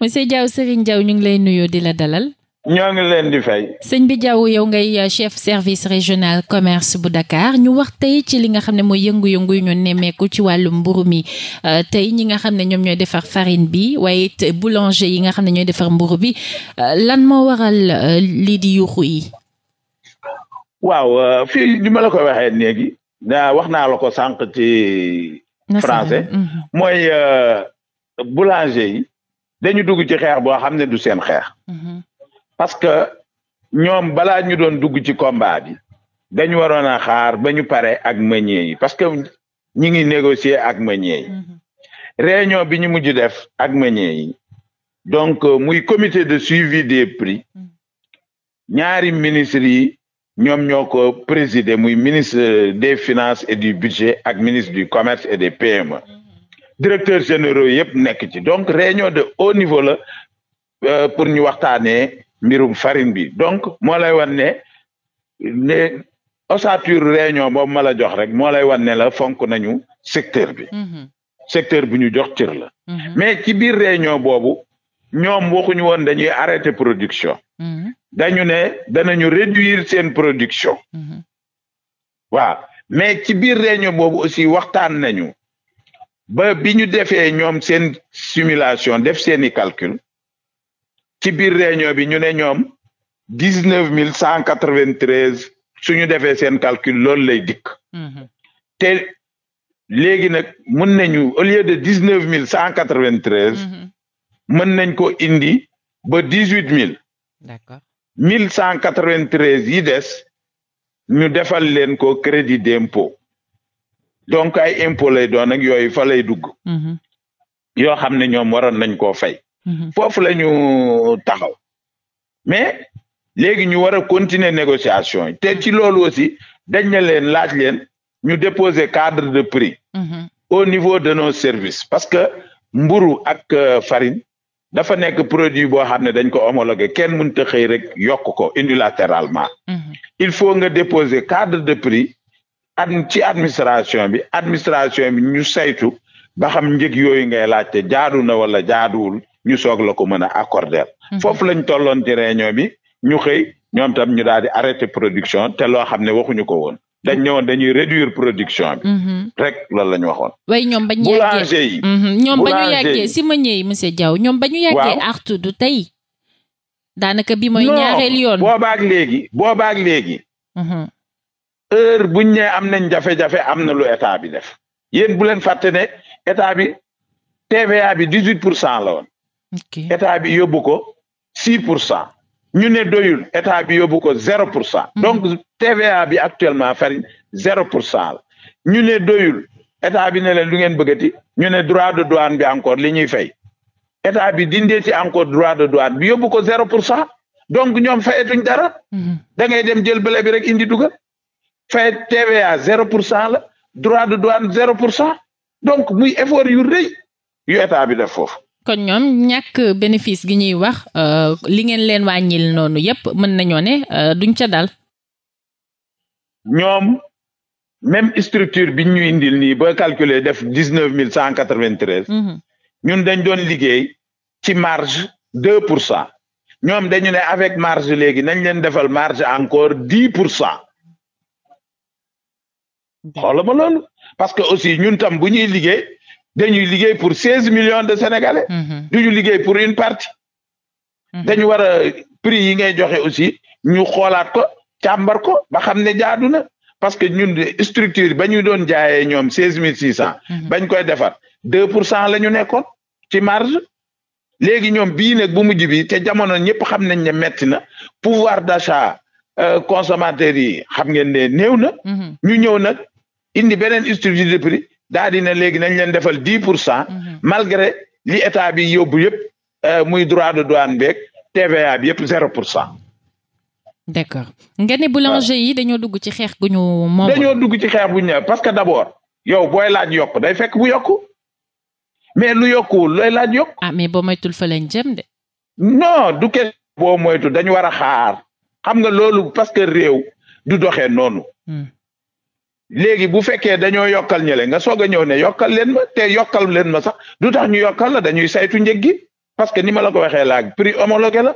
monsieur Diaw Serigne Diaw ñu ngi lay nuyoo di la dalal. ñoo ngi leen di fay. sëñ bi Diaw yow ngay euh, chef service régional commerce bu Dakar ñu wax tey ci li nga xam ne mooy yëngu-yëngu yu ñu nemmeeku ci wàllum mburu mi euh, tey ñi nga xam ne ñoom ñooy defar farine bi waaye it boulanger yi nga xam ne ñooy defar mburu bi euh, lan moo waral lii di yuuxu yi. waaw fii li ma la ko waxee léegi. da wax naa la ko sànq ci. français mhm. mooy boulanger yi. dañu dugg ci xeex boo xam ne du seen xeex mhm. parce que ñoom balaa ñu doon dugg ci combat bi dañu waroon a xaar ba ñu pare ak meunier yi parce que ñi ngi négocier ak meunier yi mhm. réunion bi ñu mujj def ak meunier donc euh, muy comité de suivi des prix mhm. ñaari ministres yi ñoom ñoo ko présider muy ministre des finances et du budget ak ministre du commerce et des PME directeur généraux yëpp nekk ci donc réunion de haut niveau la euh, pour ñu waxtaanee mbirum farine bi donc moo lay wan ne ne ossature réunion boobu jox rek moo lay wan la fonk nañu secteur bi mm-hmm. secteur bu ñu jox cër la mm-hmm. mais ci biir réunion boobu ñoom waxuñu woon dañuy arrêter production mm-hmm. dañu ne danañu réduire seen production waaw mais ci biir réunion boobu aussi waxtaan nañu ba bi ñu defee ñoom seen simulation def seeni calcul ci biir réunion bi ñu ne ñoom dix neuf mille cent quatre vingt treize defee seen calcul lool lay dikk mhm. te léegi nag mën nañu au de dix neuf mille cent quatre mhm. mën nañ ko indi ba dix huit mille d'accord mille cent quatre vingt treize yi des ñu defal leen ko crédit d'impôt donc ay impo lay doon ak yooyu fa lay dugg mm-hmm. yoo xam ne ñoom waroon nañ koo fay mm-hmm. foofu la ñu taxaw mais léegi ñu war a continuer négociation te ci loolu aussi dañ na leen laaj leen ñu déposer cadre de prix mm-hmm. au niveau de nos services parce que mburu ak euh, farine dafa nekk produit boo xam ne dañ ko homologué kenn mënut a xëy rek yokk ko unilatéralement il faut nga déposer cadre de prix ad ci administration bi administration bi ñu saytu ba xam njëg yooyu ngay laajte jaadu na wala jaaduwul ñu soog la ko mën a accorder mhm. foofu lañ tolloon ci réunion bi ñu xëy ñoom tam ñu daal di arrêté production te loo xam ne waxuñu ko woon dañ ñëwoon dañuy réduire production bi. Mhm. rek loolu la ñu waxoon. waaye ñoom ba ñu yàggee si ma ñëwee monsieur Diaw ñoom ba ñu yàggee. waaw du tey. daanaka bi mooy ñaareel yoon. boobaak léegi boobaak léegi. Mhm. heure buñ ne am nañ jafe-jafe am na lu état bi def yéen bu leen fàtte état bi TVA bi dix huit pour cent la woon état bi yóbbu ko six pour cent ñu ne doyul état bi yóbbu ko zéro pour cent mhm. donc TVA bi actuellement farine zéro pour cent la ñu ne doyul état bi ne leen lu ngeen bëggati ñu ne droit de douane bi encore li ñuy fay état bi dindeeti encore droit de douane bi yóbbu ko zéro pour cent donc ñoom fayetuñ dara mhm. da ngay dem jël bële bi rek indi dugal fay TVA zéro pour cent la droit de douane zéro pour cent donc muy effort yu rëy yu état bi def foofu. kon ñoom ñàkk bénéfice gi ñuy wax euh, li ngeen leen wàññil noonu yépp mën nañoo ne euh, duñ ca dal. ñoom même structure bi ñu indil nii booy calculer def dix neuf mille cent quatre vingt mhm. ñun dañ doon liggéey ci marge deux pour cent ñoom dañu ne avec marge léegi nañ leen defal marge encore dix pour cent. xoola ma loolu parce que aussi ñun tam bu ñuy liggéey dañuy liggéey pour seize million de sénégalais. Mm-hmm. du ñu liggéey pour une partie. Mm-hmm. dañu war a prix yi ngay joxe aussi ñu xoolaat ko càmbar ko ba xam ne jaadu na parce que ñun structure ba ñu doon jaayee ñoom seize mille six cent. Mm-hmm. bañ koy defar deux pour cent la ñu nekkoon ci marge. léegi ñoom bii nag bu mujj bi te jamono ñëpp xam nañ ne metti na pouvoir d'achat euh, consommateur yi xam ngeen ne néew na. ñu ñëw nag indi beneen institut de prix daa dina léegi nañ leen defal dix pour cent mhm. malgré li état bi yóbbu yëpp euh, muy droit de douane beeg TVA bi yëpp zéro pour cent. d' accord nga ne boulanger yi dañoo dugg ci xeex gu ñu moom. dañoo dugg ci xeex bu ñu parce que d' abord yow booy laaj yokk day fekk bu yokku mais lu yokkuwul looy laaj yokk. ah mais boo moytul fa lañ jëm du boo moytu dañu war a xaar xam nga loolu parce que réew du doxe noonu. Hmm. léegi bu fekkee dañoo yokkal ñële nga soog a ñëw ne yokkal leen ma te yokkal leen ma sax du tax ñu yokkal la dañuy saytu njëg gi parce que ni ma la ko waxee laag prix homologué la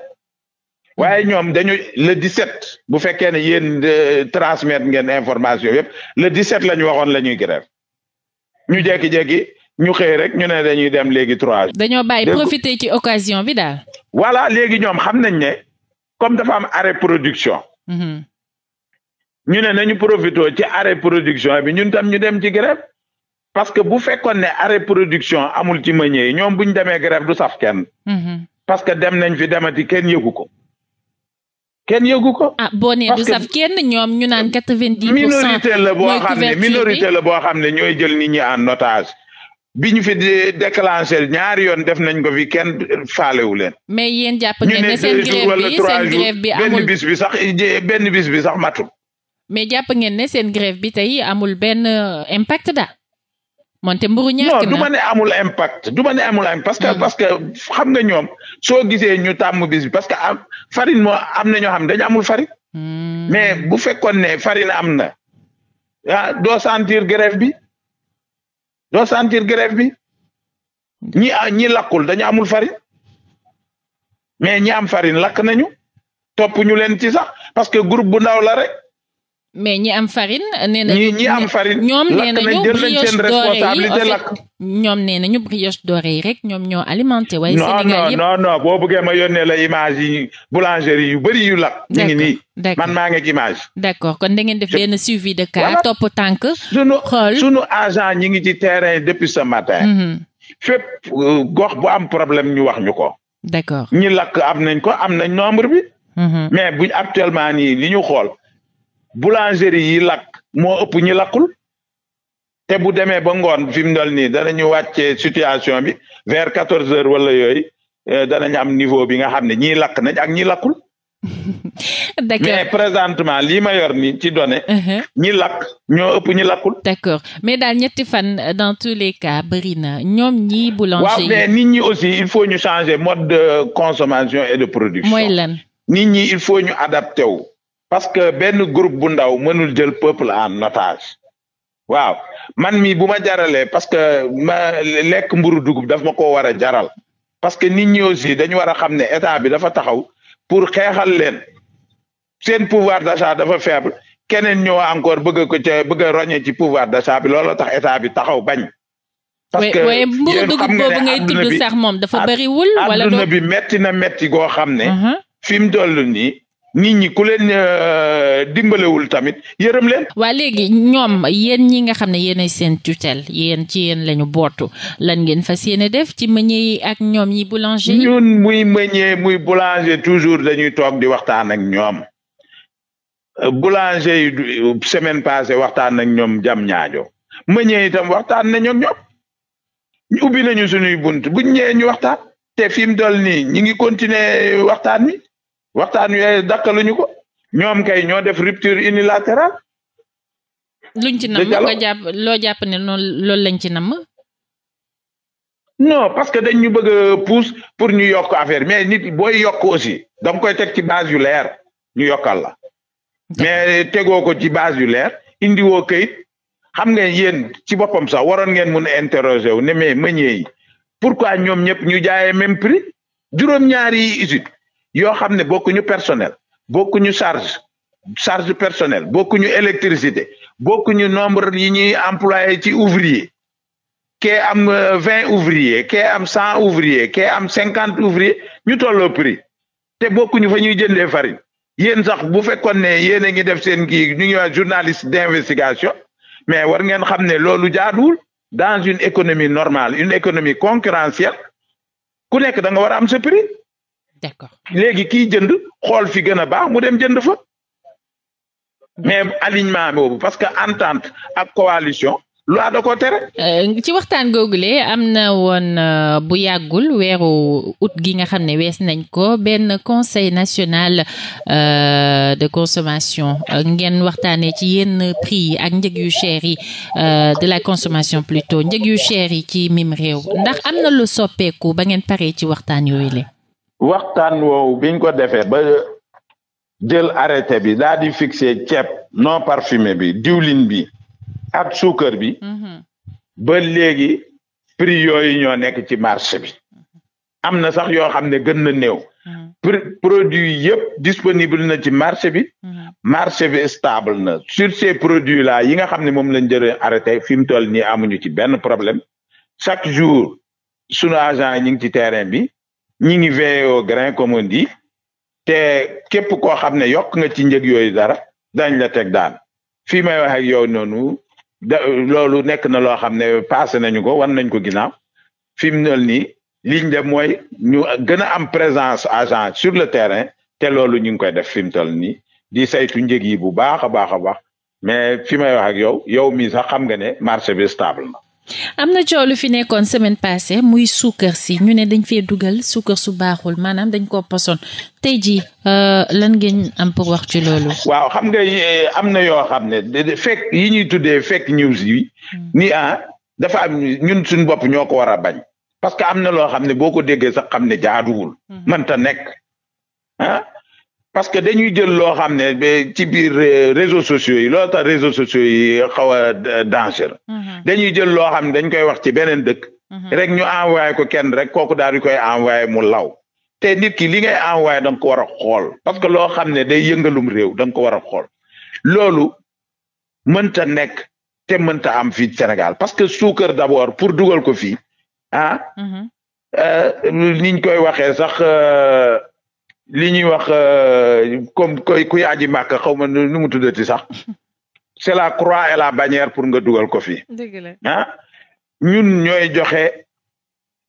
waaye ñoom dañuy le 17 bu fekkee ne yéen euh, transmettre ngeen information yëpp le 17 la ñu waxoon la ñuy grève ñu jékki-jékki ñu xëy rek ñu ne dañuy dem léegi trois jours. dañoo bàyyi profiter ci occasion bi daal. voilà léegi ñoom xam nañ ne comme dafa am arrêt production. Mm-hmm. ñu ne nañu profité ci arrêt production bi ñun tam ñu dem ci grève parce que bu fekkoon ne arrêt production amul ci meññee yi ñoom bu ñu demee grève du saf kenn. Mm-hmm. parce que dem nañ fi demati kenn yëgu ko. kenn yëgu ko. ah boo nee du saf kenn ñoom ñu naan quatre vingt dix pour cent minorité la boo xam ne la boo xam ne ñooy jël ni ñi en notage bi ñu fi déclenché ñaari yoon def nañ ko fi kenn faalewu leen. mais yéen jàpp ngeen ne seen grève bi seen grève bi amul benn bis bi sax benn bi sax matul. mais jàpp ngeen ne seen grève bi tey amul benn euh, impact daal moonte mburu ñàkk na non du ma ne amul impact du ma ne amul am parce que hmm. parce que xam nga ñoom soo gisee ñu tàmm bis bi parce que am moo am na ñoo xam ne dañu amul farine. Hmm. mais bu fekkoon ne farine am na ah doo sentir grève bi doo sentir grève bi ñi ah, ñi lakkul dañu amul farine mais ñi am farine lakk nañu topp ñu leen ci sax parce que groupe bu ndaw la rek. mais ñi am farine. nee nañu ñi am farine. ñoom nee nañu brioche dorée yi en fait ñoom nee nañu brioche dorée yi rek ñoom ñoo alimenté. waaye Sénégal yëpp non non non ma yónnee la image yi boulangerie yu bëri yu lakk. ñu ngi nii man maa ngi image. d'accord kon da ngeen def benn suivi de cas. topp tànk xool sunu agent ñi ngi ci terrain depuis ce matin. Mhm. fépp euh, gox bu am problème ñu wax ñu ko. d'accord ñi lakk am nañ ko am nañ nombre bi. Mhm. mais buñ actuellement nii li ñu xool. boulangerie yi lakk moo ëpp ñi lakkul te bu demee ba ngoon fi mu dal nii danañu wàccee situation bi vers quatorze heures wala yooyu eh, danañ am niveau bi nga xam ne ñii lakk nañ ak ñii lakkul. d'accord mais présentement lii ma yor nii ci données. Uh-huh. ñi lakk ñoo ëpp ñi lakkul. d'accord mais daal ñetti fan euh, dans tous les cas bëri na ñoom ñii boulanger. waaw mais nit ñi aussi il faut ñu changer mode de consommation et de production. mooy lan nit ñi il faut ñu adapté wu. parce que benn groupe bu ndaw mënul jël peuple en otage waaw man mi bu ma jaralee parce que ma lekk mburu dugub daf ma ko war a jaral parce que nit ñi aussi dañu war a xam ne état bi dafa taxaw pour xeexal leen seen pouvoir d'achat dafa faible keneen ñëw encore bëgg ko bëgg a ci pouvoir d'achat bi looloo tax état bi taxaw bañ. parce que mburu dugub boobu ngay tudd sax moom dafa bariwul. wala adduna bi metti na metti goo xam ne. Uh-huh. fi mu toll nii. nit ñi ku leen euh, dimbalewul tamit yërëm leen. waa léegi ñoom yéen ñi nga xam ne yéenay seen tutelle yéen ci yéen lañu bootu lan ngeen fas yéene def ci meññee yi ak ñoom ñi boulanger yi. ñun muy meññee muy boulanger toujours dañuy toog di waxtaan ak ñoom euh, boulanger yi semaine passée waxtaan ak ñoom jam ñaajo meññee itam waxtaan ñoom ñoom ubbi nañu suñuy bunt buñ ñëwee ñu waxtaan te fi mu toll nii ngi continuer waxtaan mi. waxtaan yooyu eh, dàqaluñu ko ñoom kay ñoo def rupture unilatérale. luñ ci nam nga jàpp loo jàpp ne noonu loolu lañ ci nam non parce que dañ ñu bëgg a pousse pour ñu yokk affaire mais nit booy yokk aussi da koy teg ci base yu leer ñu yokkal la mais tegoo ko ci base yu leer indiwoo kayit xam nga yéen ci boppam sax waroon ngeen mun a interroger wu ne mais meññee yi pourquoi ñoom ñëpp ñu jaayee même prix juróom-ñaari yi yoo xam ne bokkuñu personnel bokkuñu charge charge personnel bokkuñu électricité bokkuñu nombre yi ñuy employé ci ouvrier kee am euh, vingt ouvrier kee am cent ouvrier kee am cinquante ouvrier ñu tollo prix te bokkuñu fa ñuy jëndee farine yéen sax bu fekkoon ne yéen a ngi def seen kii ñu ngi wax journaliste d'investigation mais war ngeen xam ne loolu jaaduwul dans une économie normale une économie concurrentielle ku nekk da nga war a am sa prix d'accord léegi kii jënd xool fi gën baax mu dem jënd fa mais alignement boobu parce que entente ak coalition loi da ko tere. Euh, ci waxtaan googule am na woon euh, bu yàggul weeru août gi nga xam ne wees nañ ko benn conseil national euh, de consommation ngeen waxtaanee ci yenn prix yi ak njëg yu cher yi de la consommation plutôt njëg yu cher yi ci mim réew ndax am na lu soppeeku ba ngeen paree ci waxtaan yooyu le waxtaan woowu biñ ko defee ba jël arrêté bi daal di fixé ceeb non parfumé bi diwlin bi ak suukar bi mhm. ba léegi prix yooyu ñoo nekk ci marché bi mhm. am na sax yoo xam ne gën na néew mhm. produit yëpp disponible na ci marché bi marché bi stable na sur ces produits là yi nga xam ne moom lañ jëlee arrêté fi mu toll nii amuñu ci benn problème chaque jour sunu agent yi ñu ngi ci terrain bi ñi ngi veillé au grain comme on dit te képp koo xam ne yokk nga ci njëg yooyu dara dañ la teg daan fii may wax ak yow noonu da loolu nekk na loo xam ne passé nañu ko wan nañ ko ginnaaw fi mu nol nii liñ def mooy ñu gën a am présence agent sur le terrain te loolu ñu ngi koy def fi mu toll nii di saytu njëg yi bu baax a baax a baax mais fi may wax ak yow yow mii sax xam nga ne marché bi stable na am na coow lu fi nekkoon semaine passée muy suukar si ñu ne dañ fee dugal suukar su baaxul maanaam dañ koo poson tey jii euh, lan ngeen am pour wax ci loolu. waaw xam nga euh, am na yoo xam ne fekk yi ñuy tuddee fake news yi. Hmm. ni ah dafa am ñun suñu bopp ñoo ko war a bañ. parce que am na loo xam ne boo ko déggee sax xam ne jaaduwul. Hmm. manta nekk ah. parce que dañuy jël loo xam ne ci biir euh, réseaux sociaux yi loolu tax réseaux sociaux yi xaw a euh, dangereux mm-hmm. dañuy jël loo xam ne dañ koy wax ci beneen dëkk mm-hmm. rek ñu envoyé ko kenn rek kooku daal di koy envoyé mu law te nit ki li ngay envoyé da ko war a xool parce que loo xam ne day yëngalum réew da nga ko war a xool loolu mënta nekk te mënta am fii Sénégal parce que suukar d'abord pour dugal ko fii a ah, mm-hmm. euh, niñ koy waxee sax li ñuy wax euh, comme koy ku yaaji màkk xaw ma nu mu tuddati sax c'est la croix et la bannière pour nga dugal ko fi ah ñun ñooy joxe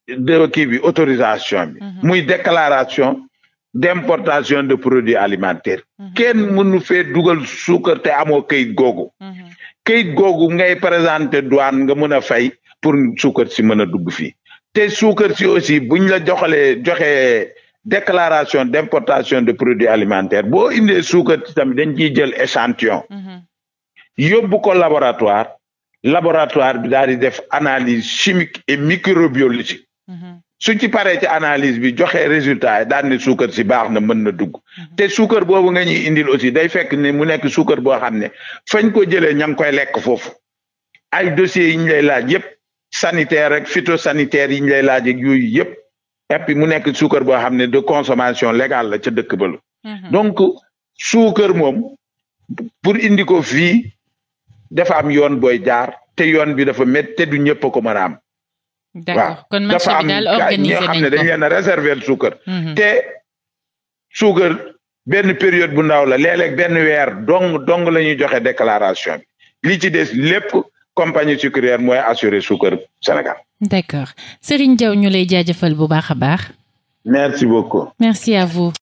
de kii bi autorisation bi mhm. muy déclaration d'importation de produits alimentaires mhm. ken mënu fee dugal suukar te amoo kayit googu mhm. kayit googu ngay présenter douane nga mën a fay pour suukar si mën a dugg fii te suukar si aussi buñ la joxalee joxee déclaration d' importation de produits alimentaires boo indee suukar tamit dañ ciy jël échantillon mm-hmm. yóbbu ko laboratoire laboratoire bi daal di def analyse chimique et microbiologique mm-hmm. su ci paree ci analyse bi joxe résultat yi suukar si baax na mën na dugg mm-hmm. te suukar boobu nga ñuy indil aussi day fekk ne mu nekk suukar boo xam ne fañ ko jëlee ña ngi koy lekk foofu ay dossiers yi lay laaj yëpp sanitaire rek phytosanitaire yi ñu lay laaj ak yooyu yëpp et mu nekk suukar boo xam ne de consommation légale la ca dëkk balu mhm. donc suukar moom pour indi ko fii dafa am yoon booy jaar te yoon bi dafa métti te du ñëpp a ko mën a am. d'accord kon marché bi daal organisé nañ am xam ne dañ leen réserver suukar. Mhm. te suukar benn période bu ndaw la léeg benn weer dong dong la ñuy joxe déclaration bi li compagnie sucrière mooy assurer suukar Sénégal. d'accord Serigne Diaw ñu lay jaajëfal bu baax a baax. merci beaucoup. merci à vous.